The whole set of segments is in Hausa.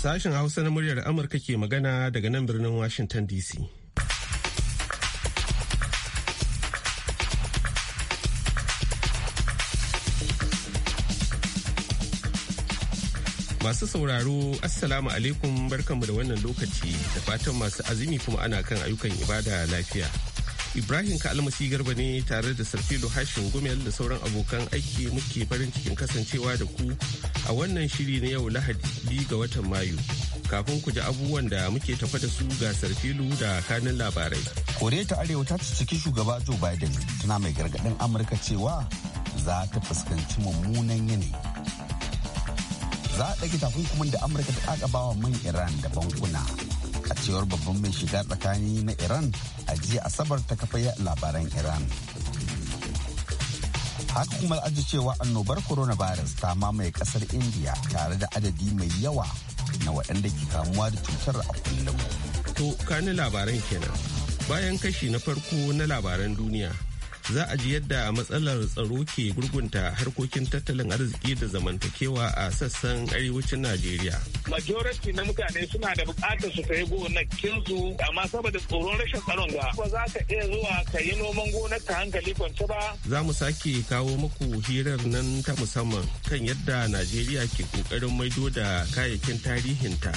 Sashen Hausa na muryar Amurka ke magana daga nan birnin Washington DC. Masu sauraro, Assalamu alaikum barkanmu da wannan lokaci da fatan masu azumi kuma ana kan ayyukan ibada lafiya. Ibrahim Kalmasi Garba ne tare da Sarfilo Hashin Gumel da sauran abokan aiki muke farin cikin kasancewa da ku a wannan shiri na yau Lahadi ga watan Mayu. Kafin ku ji abubuwan da muke tafa da su ga Sarfilo da kanin labarai. Koreya ta Arewa ta ciki shugaba Joe Biden tana mai gargadin Amurka cewa za ta fuskanci mummunan yanayi. Za a ɗage takunkumin da Amurka ta ƙaƙabawa man Iran da bankuna. a cewar babban mai shiga tsakani na iran a jiya asabar ta kafa labaran iran haka kuma aji cewa annobar coronavirus ta mamaye kasar india tare da adadi mai yawa na waɗanda ke kamuwa da cutar a kullum to kani labaran kenan bayan kashi na farko na labaran duniya za a ji yadda matsalar tsaro ke gurgunta harkokin tattalin arziki da zamantakewa a sassan arewacin Najeriya. Majority na mutane suna da bukatar su kai gonakin su amma saboda tsoron rashin tsaron ga ba za ka iya zuwa ka yi noman gonar ka hankali kwance ba. Za mu sake kawo muku hirar nan ta musamman kan yadda Najeriya ke kokarin maido da kayayyakin tarihinta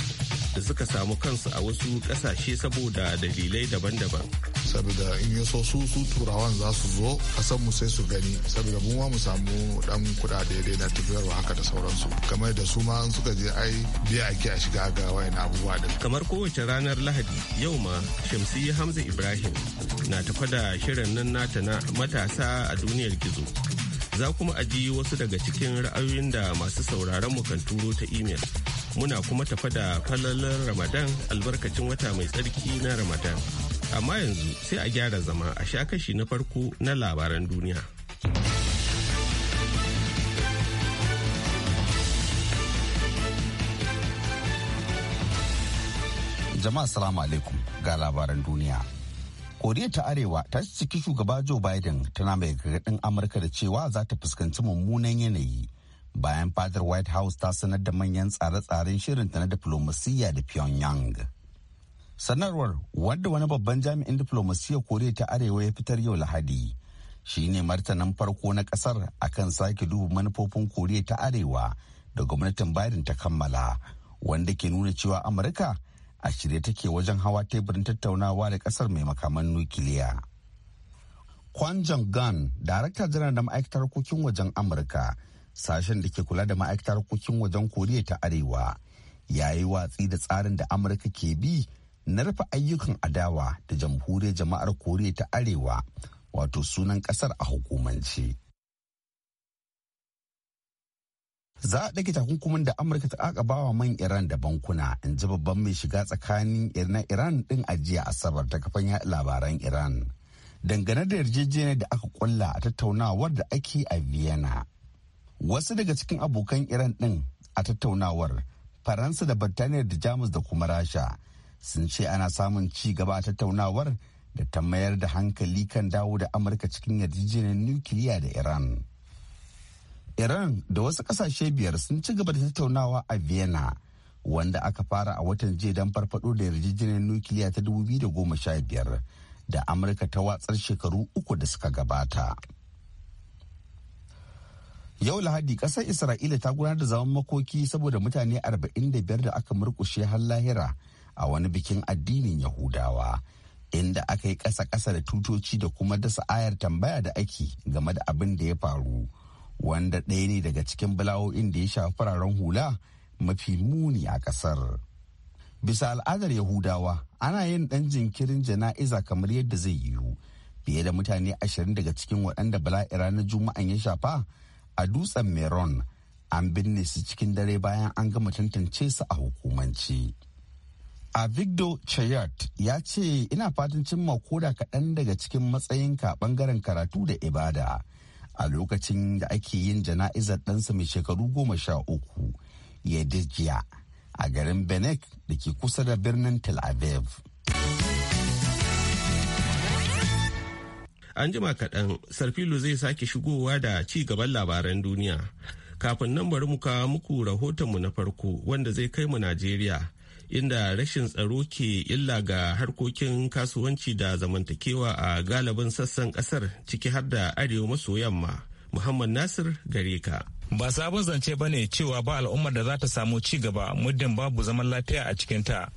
da suka samu kansu a wasu kasashe saboda dalilai daban-daban. Saboda in ya su turawan za su zo zo san mu sai su gani saboda mu ma mu samu dan kuɗaɗe dai na tafiyarwa haka da sauransu kamar da su ma suka je ai biya ake a shiga ga wayan abubuwa din kamar kowace ranar lahadi yau ma shamsi hamza ibrahim na tafa da shirin nan nata na matasa a duniyar gizo za kuma aji wasu daga cikin ra'ayoyin da masu sauraron mu kan turo ta imel muna kuma tafa da falalar ramadan albarkacin wata mai tsarki na ramadan amma yanzu sai a gyara zama a sha kashi na farko na labaran duniya. Jama'a salamu alaikum ga labaran duniya. Koriya ta Arewa ta ciki shugaba Joe Biden tana mai gargaɗin Amurka da cewa za ta fuskanci mummunan yanayi bayan fadar White House ta sanar da manyan tsare-tsaren shirinta na diflomasiyya da Pyongyang. sanarwar wadda wani babban jami'in diflomasiyyar koriya ta arewa ya fitar yau lahadi shine martanin farko na kasar akan sake duba manufofin koriya ta arewa da gwamnatin biden ta kammala wanda ke nuna cewa amurka a shirye take wajen hawa teburin tattaunawa da kasar mai makaman nukiliya kwan jangan gan darakta janar da ma'aikatar harkokin wajen amurka sashen da ke kula da ma'aikatar harkokin wajen koriya ta arewa ya yi watsi da tsarin da amurka ke bi na rufe ayyukan adawa da jamhuriyar jama'ar koriya ta arewa wato sunan kasar a hukumance za a ɗage takunkumin da amurka ta aka bawa man iran da bankuna in ji babban mai shiga tsakanin na iran ɗin ajiya asabar ta kafan labaran iran dangane da yarjejeniyar da aka kulla a tattaunawar da ake a vienna wasu daga cikin abokan iran ɗin a tattaunawar faransa da birtaniya da jamus da kuma rasha sun ce ana samun ci gaba tattaunawar da ta mayar da hankali kan dawo da amurka cikin yarjejeniyar nukiliya da iran iran da wasu kasashe biyar sun ci gaba da tattaunawa a vienna wanda aka fara a watan jiya don farfado da yarjejeniyar nukiliya ta 2015 da amurka ta watsar shekaru uku da suka gabata yau lahadi kasar isra'ila ta gudanar da zaman makoki saboda mutane 45 da aka murkushe har lahira a wani bikin addinin Yahudawa, inda aka yi ƙasa-ƙasa da tutoci da kuma dasa ayar tambaya da ake game da abin da ya faru, wanda ɗaya ne daga cikin bala'o'in da ya shafi fararen hula mafi muni a ƙasar. Bisa al'adar Yahudawa, ana yin ɗan jinkirin jana'iza kamar yadda zai yiwu. Fiye da mutane ashirin daga cikin waɗanda bala'ira na juma'an ya shafa a dutsen Meron an binne su cikin dare bayan an gama tantance su a hukumance. a victor chayat ya ce ina fatan cimma koda kaɗan daga cikin matsayinka ɓangaren karatu da ibada a lokacin da ake yin jana'izar ɗansa mai shekaru goma sha uku ya dijiya a garin benek da ke kusa da birnin tel aviv an jima kaɗan sarfilo zai sake shigowa da ci gaban labaran duniya kafin nan bari mu kawo muku rahotonmu na farko wanda zai kai mu najeriya inda rashin tsaro ke illa ga harkokin kasuwanci da zamantakewa a galibin sassan kasar ciki har da arewa maso yamma muhammad nasir gare ka ba sabon zance ba ne cewa ba al'ummar da za ta samu ci gaba muddin babu zaman lafiya a cikinta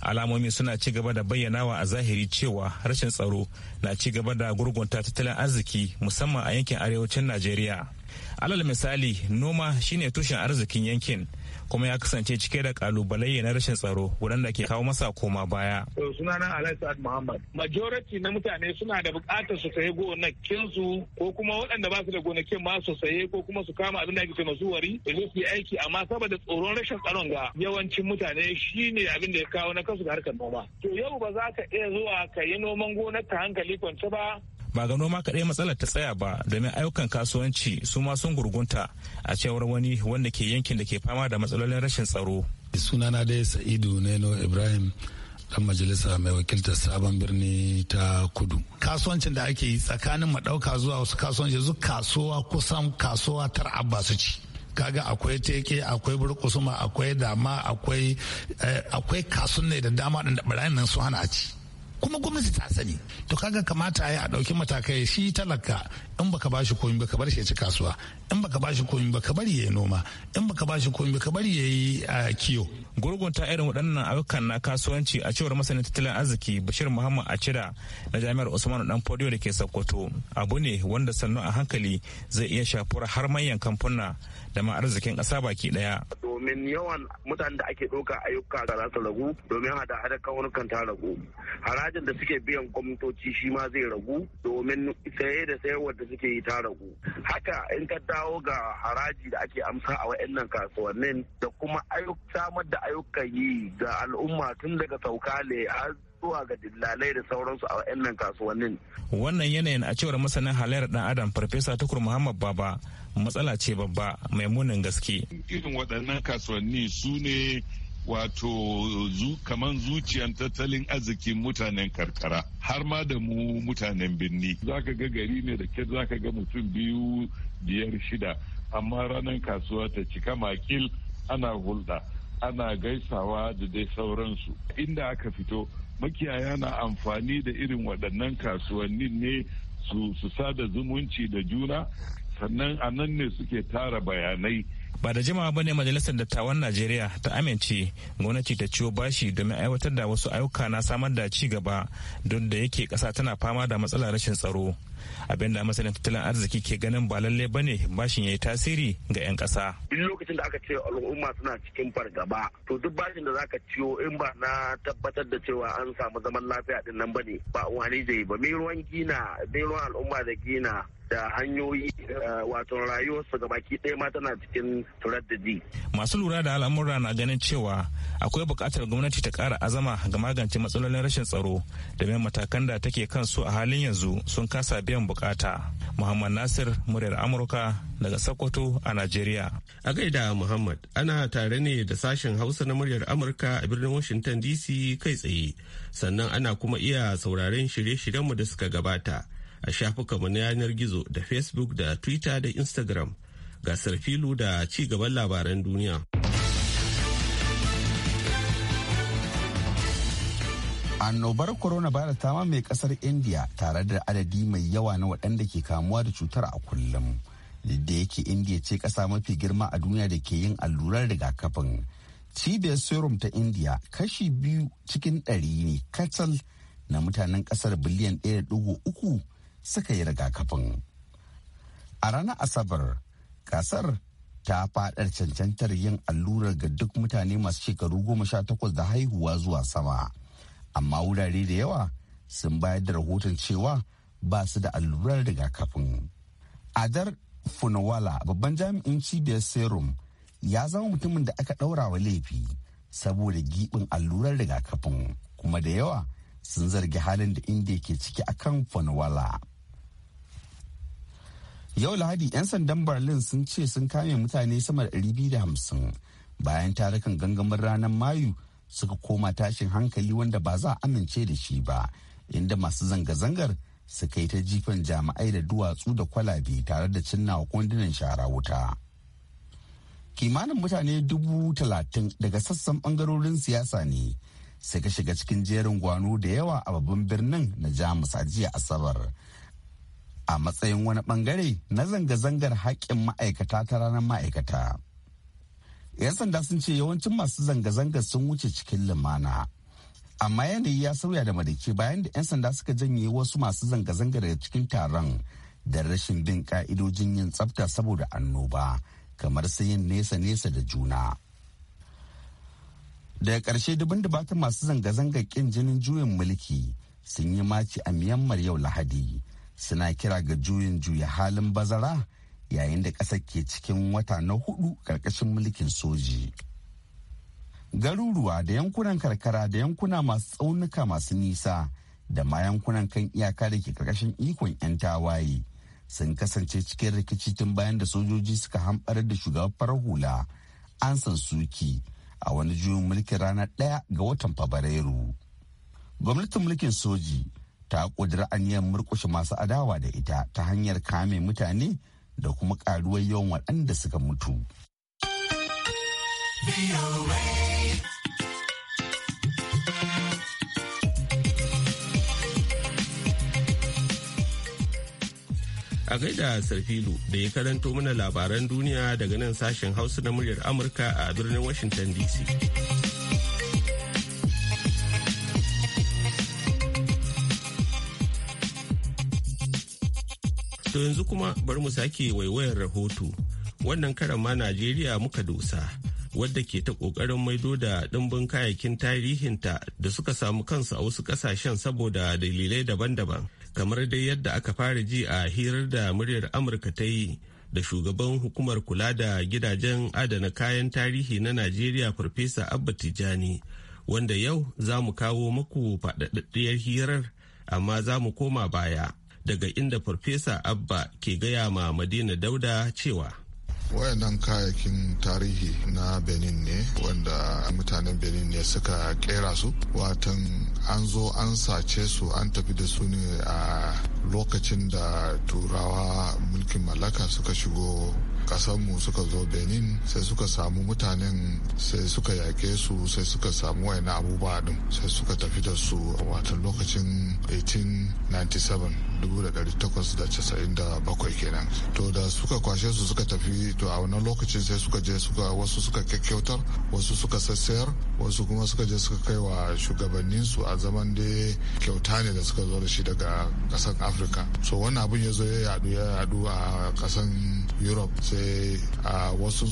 alamomi suna ci gaba da bayyanawa a zahiri cewa rashin tsaro na ci gaba da gurgunta tattalin arziki musamman a yankin arewacin najeriya alal misali noma shine tushen arzikin yankin kuma ya kasance cike da kalubalai na rashin tsaro waɗanda ke kawo masa koma baya. Suna na Alhaji Sa'ad Muhammad. Majority na mutane suna da buƙatar su sayi gonakin su ko kuma waɗanda ba su da gonakin ma su saye ko kuma su kama abin da ake cewa zuwari da su yi aiki amma saboda tsoron rashin tsaron ga yawancin mutane shine abin da ya kawo na kasu da harkar noma. To yau ba za ka iya zuwa ka yi noman gonar ka hankali kwance ba ba ga noma kaɗai matsalar ta tsaya ba domin ayyukan kasuwanci su ma sun gurgunta a cewar wani wanda ke yankin da ke fama da matsalolin rashin tsaro. sunana dai sa'idu neno ibrahim dan majalisa mai wakiltar sabon birni ta kudu kasuwancin da ake yi tsakanin maɗauka zuwa wasu kasuwanci zuwa kasuwa kusan kasuwa tar abba su ci kaga akwai teke akwai burkusuma akwai dama akwai eh, kasun ne da dama da barayin nan su hana a ci kuma gwamnati ta sani to kaga kamata a yi a ɗauki matakai shi talaka in baka bashi ba ka bar shi ya ci kasuwa in baka bashi ba ka bari yi noma in baka bashi ba ka bari yayi kiyo gurgunta irin waɗannan ayyukan na kasuwanci a cewar masanin tattalin arziki Bashir Muhammad Acira na Jami'ar usman Dan Fodio da ke Sokoto abu ne wanda sannu a hankali zai iya shafura har manyan kamfuna da ma arzikin ƙasa baki ɗaya. Domin yawan mutanen da ake ɗauka ayyuka za su ragu domin hada-hada kawunukan ta ragu. Harajin da suke biyan gwamnatoci shi ma zai ragu domin saye da sayarwar da suke yi ta ragu haka in ka dawo ga haraji da ake amsa a wayannan kasuwannin da kuma samar da ayyukan yi ga al'umma tun daga saukale har zuwa ga dillalai da sauransu a wayannan kasuwannin wannan yanayin a cewar masanin halayyar dan adam farfesa tukur muhammad baba matsala ce babba mai munin gaske irin waɗannan kasuwanni su ne wato zu, kaman zuciyan tattalin arzikin mutanen karkara har ma da mu mutanen birni zaka ga gari ne da ke zaka ga mutum biyu biyar shida amma ranar kasuwa ta cika makil ana hulɗa ana gaisawa da dai sauransu inda aka fito makiyaya na amfani da irin waɗannan kasuwannin ne su sada zumunci da juna sannan a nan ne suke tara bayanai ba da jimawa ba ne majalisar dattawan najeriya ta amince gwamnati ta ciwo bashi domin aiwatar da wasu ayyuka na samar da ci gaba duk da yake kasa tana fama da matsalar rashin tsaro abin da masanin tattalin arziki ke ganin ba lalle ba ne bashin ya yi tasiri ga 'yan ƙasa. duk lokacin da aka ce al'umma suna cikin fargaba to duk bashin da zaka ciyo in ba na tabbatar da cewa an samu zaman lafiya din nan ba ne ba wani zai ba mai ruwan gina mai ruwan al'umma da gina da hanyoyi eh, wato ga baki ɗaya ma tana cikin turaddadi. Masu lura da al'amura na ganin cewa akwai bukatar gwamnati ta kara azama ga magance matsalolin rashin tsaro da matakan da take kan su a halin yanzu sun kasa biyan biyan bukata. Muhammad Nasir muryar Amurka daga Sokoto a Najeriya. A gaida Muhammad ana tare ne da sashen Hausa na muryar Amurka a birnin Washington DC kai tsaye sannan ana kuma iya sauraren shirye-shiryenmu da suka gabata a shafukanmu na yanar gizo da Facebook da Twitter da Instagram. Gasar filu da ci gaban labaran duniya. annobar coronavirus tama mai kasar india tare da adadi mai yawa na waɗanda ke kamuwa da cutar a kullum da yake india ce ƙasa mafi girma a duniya da ke yin allurar rigakafin cibiyar serum ta india kashi biyu cikin ɗari ne kacal na mutanen ƙasar biliyan ɗaya uku suka yi rigakafin a ranar asabar kasar ta fadar cancantar yin allurar ga duk mutane masu shekaru goma sha takwas da haihuwa zuwa sama. amma wurare da yawa sun bayar da rahoton cewa ba su da allurar rigakafin. Adar Funawala babban jami'in cibiyar serum ya zama mutumin da aka ɗaura wa laifi saboda giɓin allurar rigakafin kuma da yawa sun zargi halin da inda yake ciki akan Funawala. Yau Lahadi 'yan sandan Berlin sun ce sun kame mutane sama da 250 bayan tarukan gangamin ranar Mayu suka koma tashin hankali wanda ba za a amince da shi ba inda masu zanga-zangar suka yi ta jifan jami'ai da duwatsu da kwalabe tare da cinnawa kundunan shara wuta kimanin mutane dubu talatin daga sassan bangarorin siyasa ne suka shiga cikin jerin gwano da yawa a babban birnin na jamus a jiya asabar a matsayin wani bangare na zanga-zangar haƙƙin ma'aikata ta ranar ma'aikata 'yan sanda sun ce yawancin masu zanga zanga sun wuce cikin lumana amma yanayi ya sauya da madake bayan da 'yan sanda suka janye wasu masu zanga-zanga daga cikin taron da rashin bin ka'idojin yin tsafta saboda annoba kamar sayin yin nesa-nesa da juna daga ƙarshe dubin dubatan masu zanga zanga ƙin jinin juyin mulki sun yi maci a miyammar yau lahadi suna kira ga juyin juya halin bazara yayin da ƙasar ke cikin wata na hudu ƙarƙashin mulkin soji. Garuruwa da yankunan karkara da yankuna masu tsaunuka masu nisa da ma yankunan kan iyaka da ke ƙarƙashin ikon 'yan tawaye sun kasance cikin rikici tun bayan da sojoji suka hamɓar da shugaban farar hula an san suki a wani juyin mulkin ranar ɗaya ga watan Fabrairu. Gwamnatin mulkin soji ta ƙudiri aniyar murƙushe masu adawa da ita ta hanyar kame mutane da kuma karuwar yawan waɗanda suka mutu. A gaida Sarfilu da ya karanto mana labaran duniya daga nan sashen Hausa na muryar Amurka a birnin Washington DC. To yanzu kuma bari mu sake waiwayar rahoto. Wannan karan ma Najeriya muka dosa, wadda ke ta ƙoƙarin maido da ɗimbin kayayyakin tarihinta da suka samu kansu a wasu ƙasashen saboda dalilai daban-daban. Kamar dai yadda aka fara ji a hirar da muryar Amurka ta yi da shugaban hukumar kula da gidajen adana kayan tarihi na Najeriya Farfesa Abba Tijani, wanda yau za mu kawo maku faɗaɗɗiyar hirar amma za mu koma baya daga inda farfesa abba ke gaya ma madina dauda cewa wayannan kayayyakin tarihi na benin ne wanda mutanen benin ne suka kera su watan an zo an sace su an tafi da su ne a lokacin da turawa mulkin mallaka suka shigo kasanmu suka zo benin sai suka samu mutanen sai suka yake su sai suka samu wani abubuwa din sai suka tafi da su wato lokacin 1897 1897 kenan to da suka kwashe su suka tafi to a wannan lokacin sai suka je suka wasu suka kyakkyautar wasu suka sassayar wasu kuma suka je suka kai wa shugabannin su a zaman da kyauta ne da suka zo da shi daga kasan afirka so wannan abin ya zo ya yadu ya yadu a kasan europe sai a su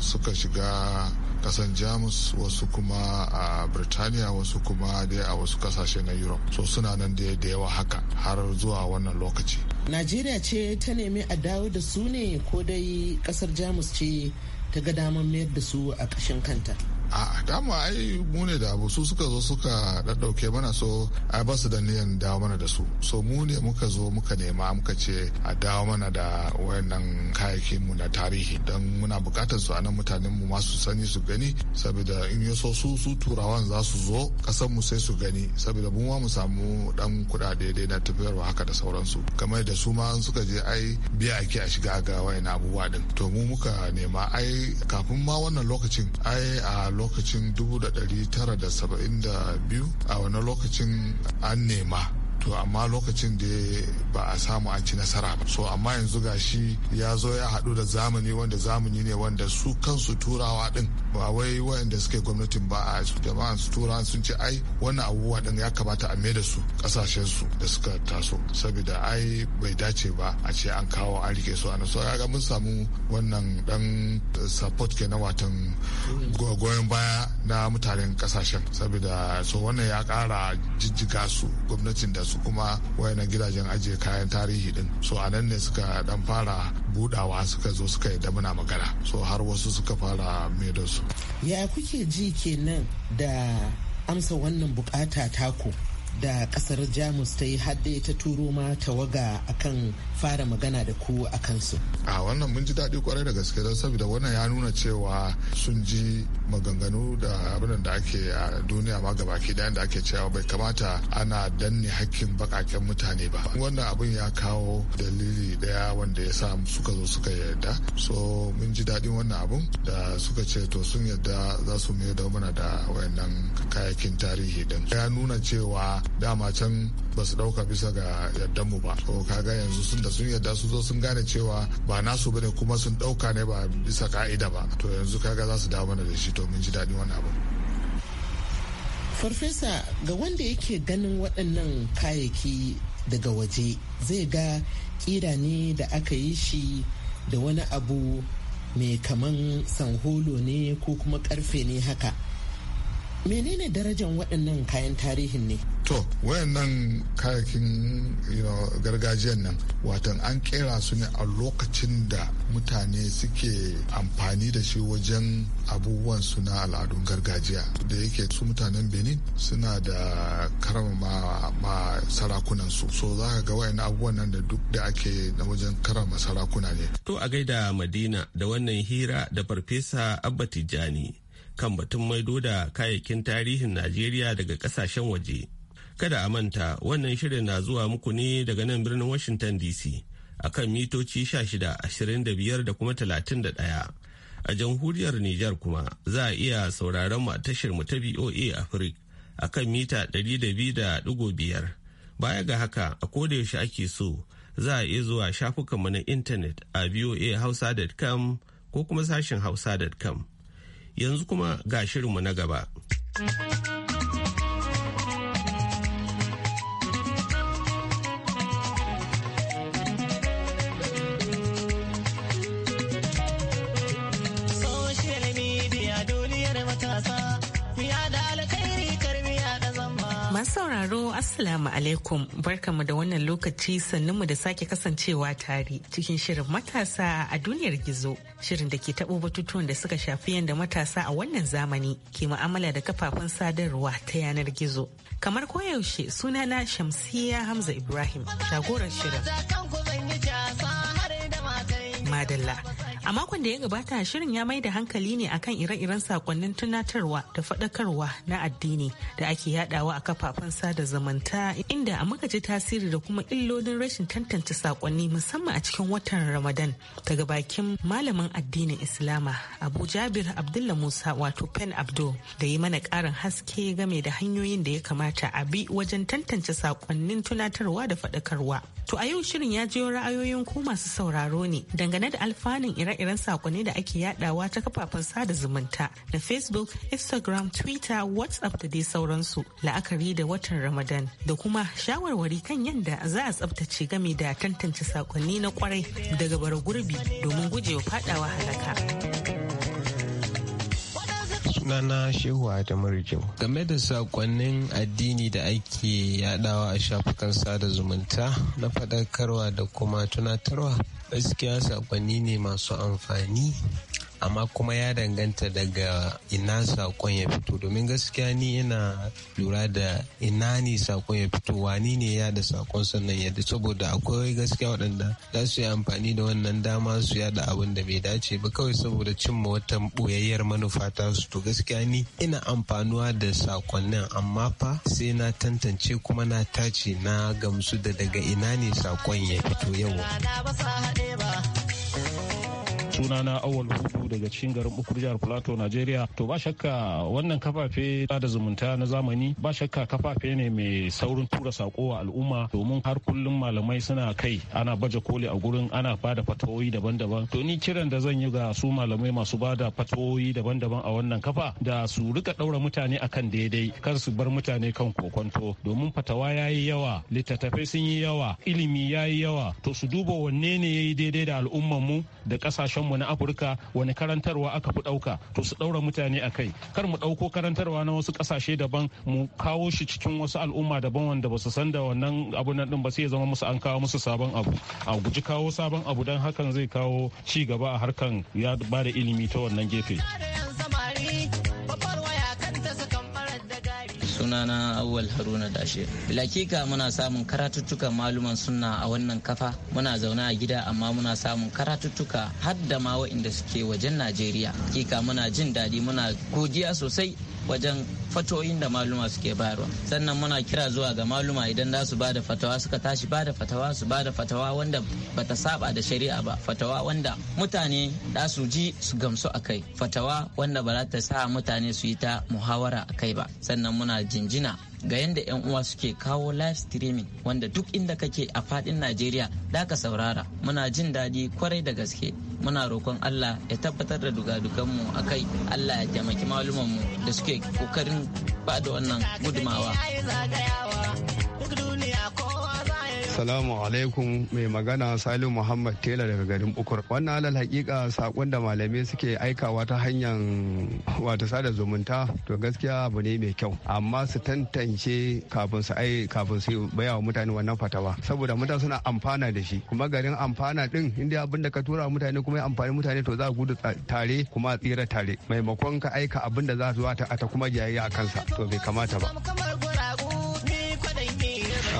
suka shiga kasan jamus wasu kuma a birtaniya wasu kuma dai a wasu kasashe na europe so suna nan da yawa haka har zuwa wannan lokaci najeriya ce ta nemi a dawo da su ne ko dai kasar jamus ce ta ga damar mayar da su a ƙashin kanta a dama ai mu ne da abu su suka zo suka daddauke mana so a basu da niyan dawo mana da su so mu ne muka zo muka nema muka ce a dawo mana da wayannan kayayyakin mu na tarihi don muna bukatar su anan mutanen mu masu sani su gani saboda in yi so su su turawan za su zo kasan mu sai su gani saboda mu ma mu samu dan kuɗaɗe dai na tafiyarwa haka da sauransu kamar da su ma suka je ai biya ake a shiga ga wayannan abubuwa din to mu muka nema ai kafin ma wannan lokacin ai a lokacin 1972 a wani lokacin an nema to amma lokacin da ba a samu an ci nasara ba so amma yanzu gashi ya zo ya haɗu da zamani wanda zamani ne wanda su kansu turawa din ba wai wayanda suke gwamnatin ba a jama'an su tura sun ce ai wannan abubuwa din ya kamata a maida su kasashen su da suka taso saboda ai bai dace ba a ce an kawo an rike su ana so ga mun samu wannan dan support kenan watan goyon baya na mutanen kasashen saboda so wannan ya kara jijjiga su gwamnatin da su kuma wayannan gidajen ajiye kayan tarihi din so a nan ne suka dan fara budawa suka zo suka yi muna magana so har wasu suka fara mai su ya kuke ji kenan da amsa wannan bukata taku da kasar jamus ta yi hadde ta turo ma tawaga akan fara magana da ku a kansu a wannan mun ji daɗi kwarai da gaske don saboda wannan ya nuna cewa sun ji maganganu da abin da ake a duniya ma gaba ke da ake cewa bai kamata ana danne hakkin bakaken mutane ba wannan abin ya kawo dalili daya wanda ya sa suka zo suka yarda so mun ji daɗin wannan abun da suka ce to sun yarda za su mayar da mana da wayannan kayakin tarihi din ya nuna cewa da dama can ba su ɗauka bisa ga yardan mu ba to kaga yanzu sun da sun yarda su zo sun gane cewa ba nasu bane kuma sun ɗauka ne ba bisa ka'ida ba to yanzu kaga za su dawo mana da shi to mun ji daɗin wannan abu farfesa ga wanda yake ganin waɗannan kayayyaki daga waje zai ga kira ne da aka yi shi da wani abu mai kaman sanholo ne ko kuma karfe ne haka menene darajan waɗannan kayan tarihin ne to wayannan kayakin gargajiyan nan watan an kera su ne a lokacin da mutane suke amfani da shi wajen abubuwan su na al'adun gargajiya da yake su mutanen benin suna da karama ma sarakunan su so za ka ga wayannan abubuwan nan da duk da ake na wajen karama sarakuna ne to a gaida madina da wannan hira da farfesa abba tijjani kan batun maido da kayayyakin tarihin Najeriya daga kasashen waje. Kada a manta wannan shirin na zuwa muku ne daga nan birnin Washington DC a kan mitoci 16, 25 da kuma 31. A jamhuriyar Nijar kuma za a iya sauraron mu tashar mu ta BOA Africa a kan mita 200.5. Baya ga haka a yaushe ake so za a iya zuwa shafukanmu na intanet a voahausa.com ko kuma sashen hausa.com. yanzu kuma ga shirinmu na gaba. sauraro Assalamu alaikum barkamu da wannan lokaci sannunmu da sake kasancewa tare cikin shirin matasa a duniyar gizo shirin da ke taɓo batutuwan da suka shafi yadda matasa a wannan zamani ke ma'amala da kafafen sadarwa ta yanar gizo. Kamar koyaushe sunana Shamsiya Hamza Ibrahim shagoran shirin. adalla A makon da ya gabata shirin ya mai da hankali ne akan ire-iren sakonnin tunatarwa da faɗakarwa na addini da ake yaɗawa a kafafen sada zumunta inda a muka ji tasiri da kuma illolin rashin tantance sakonni musamman a cikin watan Ramadan daga bakin malamin addinin Islama Abu Jabir Abdullah Musa wato Pen Abdo da yi mana ƙarin haske game da hanyoyin da ya kamata a bi wajen tantance sakonnin tunatarwa da faɗakarwa. To a yau shirin ya jiyo ra'ayoyin ku masu sauraro ne dangane da alfanun ire-iren sakonni da ake yadawa ta kafafen sada zumunta na facebook instagram twitter whatsapp da dai sauransu la'akari da watan ramadan da kuma shawarwari kan yadda za a tsabtace game da tantance sakonni na kwarai daga bara gurbi domin gujewa fadawa halaka sunana shehu adamu game da sakonnin addini da ake yadawa a shafukan sada zumunta na faɗakarwa da kuma tunatarwa gaskiya sakonni ne masu amfani amma kuma ya danganta daga ina sakon ya fito domin gaskiya ni ina lura da ina ne sakon ya fito wani ne ya da sakon sannan yadda saboda akwai gaskiya waɗanda za su yi amfani da wannan dama su da abin da bai dace ba kawai saboda cimma wata boyayyar manufa ta su to gaskiya ni ina amfanuwa da sakonnin amma fa sai na tantance kuma na tace na gamsu da daga ina ne sakon ya fito yawa. sunana awal hudu daga cikin garin ukur jihar plateau nigeria to ba shakka wannan kafafe da zumunta na zamani ba shakka kafafe ne mai saurin tura sako wa al'umma domin har kullum malamai suna kai ana baje koli a gurin ana bada fatawoyi daban-daban to ni kiran da zan yi ga su malamai masu bada fatawoyi daban-daban a wannan kafa da su rika ɗaura mutane akan daidai kar su bar mutane kan kokonto domin fatawa ya yi yawa littattafai sun yi yawa ilimi ya yi yawa to su duba wanne ne ya yi daidai da al'ummar mu da kasashen mu na afirka wani karantarwa aka fi ɗauka to su ɗaura mutane a kai kar mu ɗauko karantarwa na wasu kasashe daban mu kawo shi cikin wasu al'umma daban wanda ba su san da wannan abu nan din ba sai ya zama musu an kawo musu sabon abu a guji kawo sabon abu don hakan zai kawo ci gaba a harkan ya ba da ilimi ta wannan gefe. sunana awwal haruna dashe lakika muna samun karatuttuka maluman sunna a wannan kafa muna zaune a gida amma muna samun karatuttuka har da ma wa'inda suke wajen najeriya kika muna jin daɗi muna godiya sosai wajen fatoyin da maluma suke bayarwa sannan muna kira zuwa ga maluma idan za su bada fatawa suka tashi bada fatawa su bada fatawa wanda bata saba da shari'a ba fatawa wanda mutane da su ji su gamsu a kai fatawa wanda ba za ta sa mutane su yi ta muhawara a kai ba sannan muna jinjina ga yadda 'yan uwa suke kawo live streaming wanda duk inda kake a fadin najeriya ka saurara muna jin daɗi kwarai da gaske muna roƙon allah ya tabbatar da dugadukanmu a kai allah ya taimaki malumanmu da suke ƙoƙarin ba da wannan gudumawa. Assalamu alaikum mai magana Salim Muhammad Tela daga garin Bukur. Wannan alal hakika sakon da malamai suke aikawa ta hanyar wata sada zumunta to gaskiya abu ne mai kyau amma su tantance kafin su ai kafin su baya wa mutane wannan fatawa saboda mutane suna amfana da shi kuma garin amfana din inda abin da ka tura mutane kuma ya amfani mutane to za a gudu tare kuma a tsira tare maimakon ka aika abin da za su ta kuma jayayya a kansa to bai kamata ba.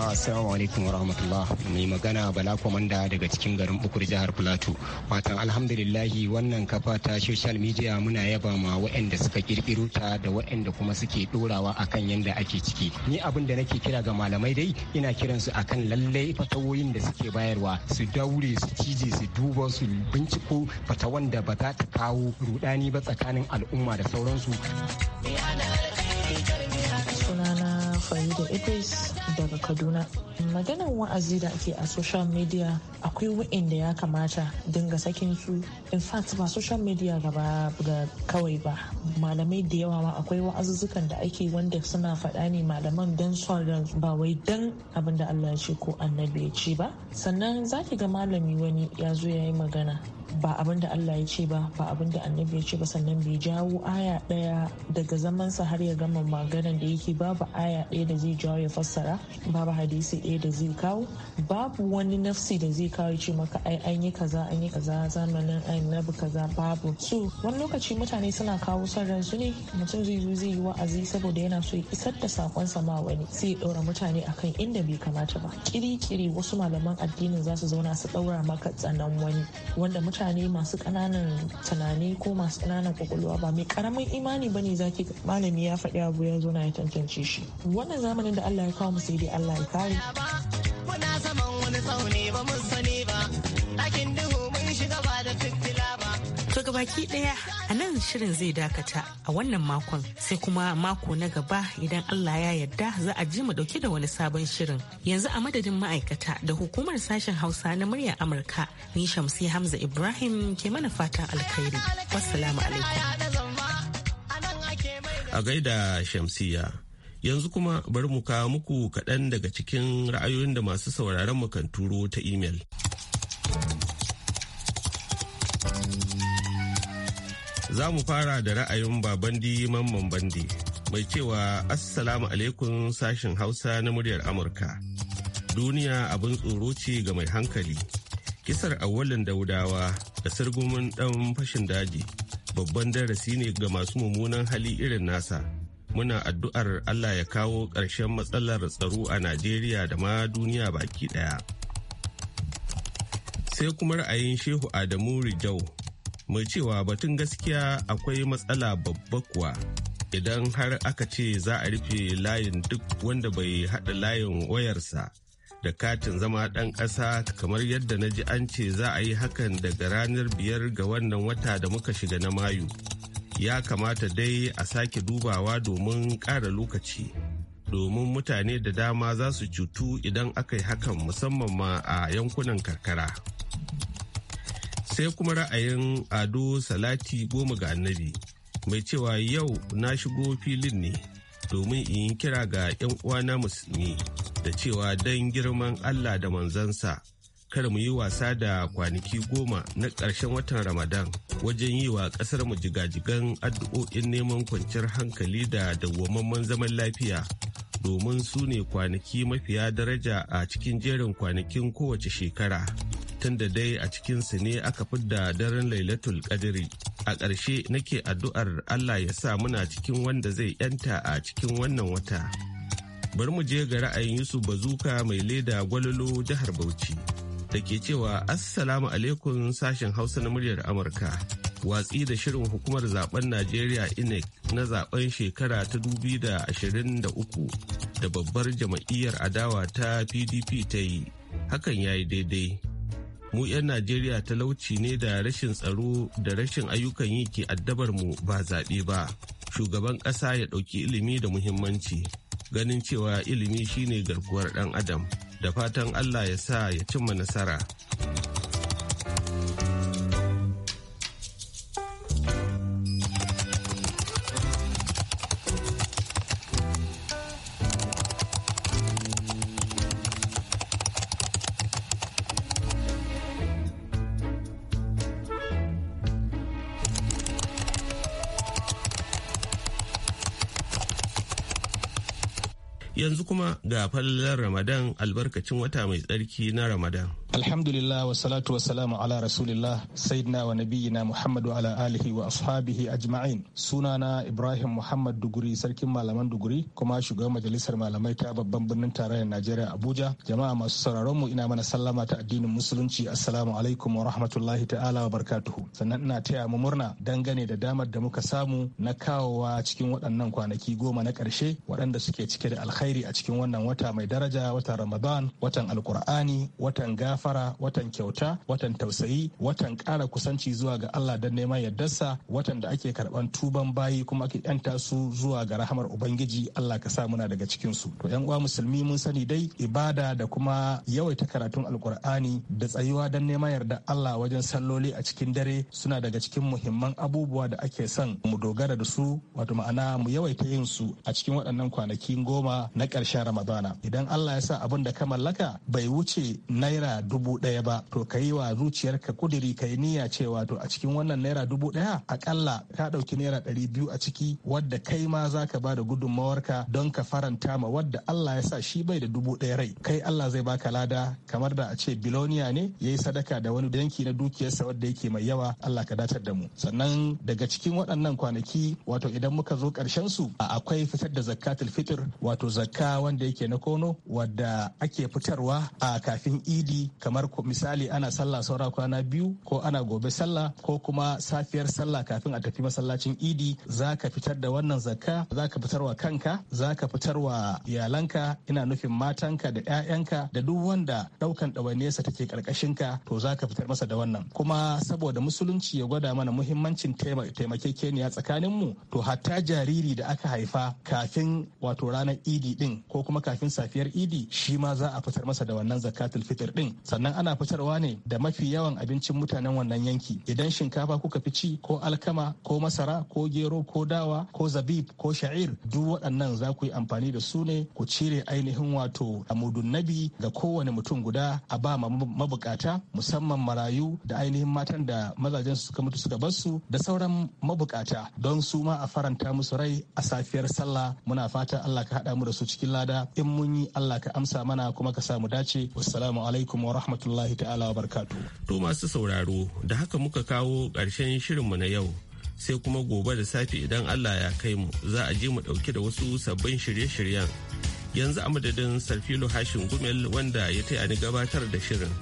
Assalamu alaikum warahmatullah mai magana Bala Kwamanda daga cikin garin Bukur jihar Plateau. Watan alhamdulillahi wannan kafa ta social media muna yaba ma waɗanda suka kirkiro ta da waɗanda kuma suke dorawa akan yanda ake ciki. Ni abin da nake kira ga malamai dai ina kiran su akan lallai fatawoyin da suke bayarwa su daure su cije su duba su binciko fatawan da ba za ta kawo rudani ba tsakanin al'umma da sauransu. Sunana Farida Idris kaduna maganar wa'azi da ake a social media akwai da ya kamata dinga sakin su in fact ba social media gaba da kawai ba malamai da yawa ma akwai wa'azuzzukan da ake wanda suna faɗa ne malaman don son ba wai don abin da allah ya ce ko annabi ya ce ba sannan zaki ga malami wani ya zo ya yi magana ba abin da Allah ya ce ba ba abin da annabi ya ce ba sannan bai jawo aya daya daga zamansa har ya gama maganan da yake babu aya ɗaya da zai jawo ya fassara babu hadisi ɗaya da zai kawo babu wani nafsi da zai kawo ce maka ai an yi kaza an yi kaza zamanin annabi kaza babu so wani lokaci mutane suna kawo son ransu ne mutum zai zo zai yi wa'azi saboda yana so ya isar da sakonsa ma wani sai ya ɗaura mutane akan inda bai kamata ba kiri-kiri wasu malaman addinin za su zauna su ɗaura maka tsanan wani wanda mutane mutane masu kananan tunani ko masu ƙananan kwakwalwa ba mai ƙaramin imani ba ne zaki malami ya faɗi abu ya zo na ya tantance shi wannan zamanin da Allah ya kawo mu sai dai Allah ya kare. baki daya a nan shirin zai dakata a wannan makon sai kuma mako na gaba idan Allah ya yarda za a ji mu dauke da wani sabon shirin. Yanzu a madadin ma'aikata da hukumar sashen Hausa na muryar Amurka ni Shamsi Hamza Ibrahim ke mana fatan alkhairi. Wassalamu alaikum. A gaida Shamsiya. Yanzu kuma bari mu kawo muku kaɗan daga cikin ra'ayoyin da masu sauraron mu kan turo ta imel. Za mu fara da ra'ayin Babandi Mamman Bandi mai cewa Assalamu alaikum sashen Hausa na muryar Amurka. Duniya abin tsoro ce ga mai hankali. Kisar awalin daudawa da sirgumin ɗan fashin daji babban darasi ne ga masu mummunan hali irin nasa. Muna addu'ar Allah ya kawo ƙarshen matsalar tsaro a Najeriya da ma duniya baki ɗaya. Sai kuma ra'ayin Shehu Adamu Rijau mai cewa batun gaskiya akwai matsala babba kuwa idan har aka ce za a rufe layin duk wanda bai haɗa layin wayarsa da katin zama ɗan ƙasa kamar yadda na ji an ce za a yi hakan daga ranar biyar ga wannan wata da muka shiga na mayu ya kamata dai a sake dubawa domin ƙara lokaci domin mutane da dama za su cutu idan aka yi hakan musamman ma a yankunan karkara. sai kuma ra'ayin ado salati goma ga annabi mai cewa yau na shigo filin ne domin in yi kira ga 'yan uwana musulmi da cewa don girman allah da manzansa kar mu yi wasa da kwanaki goma na ƙarshen watan ramadan wajen yi wa ƙasar mu jigajigan addu'o'in neman kwanciyar hankali da dawwamamman zaman lafiya domin su ne kwanaki mafiya daraja a cikin jerin kwanakin kowace shekara tunda dai a cikinsu ne aka fi da daren lailatul kadiri a ƙarshe nake addu'ar allah ya sa muna cikin wanda zai yanta a cikin wannan wata bari mu je ga ra'ayin yusuf bazuka mai leda gwalolo jihar bauchi da ke cewa assalamu alaikum sashen hausa na muryar amurka watsi da shirin hukumar zaben najeriya inec na zaben shekara ta 2023 da babbar jama'iyyar adawa ta pdp ta yi hakan ya yi daidai mu 'yan najeriya talauci ne da rashin tsaro da rashin ayyukan yi ke addabar mu ba zaɓe ba shugaban ƙasa ya ɗauki ilimi da muhimmanci ganin cewa ilimi shine garkuwar ɗan adam da fatan allah ya sa ya cimma nasara Yanzu kuma ga fallar Ramadan albarkacin wata mai tsarki na Ramadan. Alhamdulillah wa salatu wa salamu ala rasulillah sayyidina wa nabiyina Muhammadu ala alihi wa ashabihi ajma'in. Sunana Ibrahim Muhammad Duguri sarkin malaman Duguri kuma shugaban majalisar malamai ta babban birnin tarayyar Najeriya Abuja. Jama'a masu sauraron mu ina mana sallama ta addinin musulunci assalamu alaikum wa rahmatullahi ta'ala wa barkatuhu. Sannan ina taya mu murna dangane da damar da muka samu na kawowa cikin waɗannan kwanaki goma na ƙarshe waɗanda suke cike da alkhairi a cikin wannan wata mai daraja watan Ramadan, watan Alkur'ani, watan gafa. gafara watan kyauta watan tausayi watan ƙara kusanci zuwa ga allah don neman yardarsa watan da ake karɓan tuban bayi kuma ake yanta su zuwa ga rahamar ubangiji allah ka sa muna daga cikin su to yan uwa musulmi mun sani dai ibada da kuma yawaita karatun alkur'ani da tsayuwa don neman yarda allah wajen salloli a cikin dare suna daga cikin muhimman abubuwa da ake son mu dogara da su wato ma'ana mu yawaita yin su a cikin waɗannan kwanakin goma na ƙarshen ramadana idan allah ya sa abin da ka mallaka bai wuce naira dubu ɗaya ba to ka yi wa zuciyarka kudiri ka yi niyya cewa to a cikin wannan naira dubu ɗaya akalla ka ɗauki naira ɗari biyu a ciki wadda kai ma za ka ba da gudunmawarka don ka faranta ma wadda Allah ya sa shi bai da dubu ɗaya rai kai Allah zai baka lada kamar da a ce biloniya ne ya yi sadaka da wani yanki na dukiyarsa wadda yake mai yawa Allah ka datar da mu sannan daga cikin waɗannan kwanaki wato idan muka zo ƙarshen su a akwai fitar da zakatul fitr wato zakka wanda yake na kono wadda ake fitarwa a kafin idi kamar misali ana sallah saura kwana biyu ko ana gobe sallah ko kuma safiyar sallah kafin a tafi masallacin idi za ka fitar da wannan zakka za ka fitar wa kanka za ka fitar wa iyalanka ina nufin matanka da 'ya'yanka da duk wanda daukan ɗawainiyarsa take ka to za ka fitar masa da wannan kuma saboda musulunci ya gwada mana muhimmancin taimakekeniya tsakanin mu to hatta jariri da aka haifa kafin wato ranar idi din ko kuma kafin safiyar idi shi ma za a fitar masa da wannan zakatul fitr din sannan ana fitarwa ne da mafi yawan abincin mutanen wannan yanki idan shinkafa kuka fi ci ko alkama ko masara ko gero ko dawa ko zabib ko sha'ir duk waɗannan za ku yi amfani da su ne ku cire ainihin wato amudun nabi ga kowane mutum guda a ba mabukata musamman marayu da ainihin matan da mazajen suka mutu suka bar su da sauran mabukata don su ma a faranta musu rai a safiyar sallah muna fata Allah ka haɗa mu da su cikin lada in mun yi Allah ka amsa mana kuma ka samu dace wassalamu alaikum wa rahmatullahi ta'ala wa barkatu. To masu sauraro da haka muka kawo ƙarshen shirinmu na yau sai kuma gobe da safe idan Allah ya kai mu za a je mu ɗauki da wasu sabbin shirye-shiryen. Yanzu a madadin Sarfilo Hashin Gumel wanda ya taya ni gabatar da shirin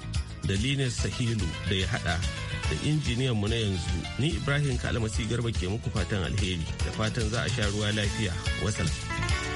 da Linus Sahilu da ya haɗa da injiniyan mu na yanzu ni Ibrahim Kalmasi Garba ke muku fatan alheri da fatan za a sha ruwa lafiya. Wasalam.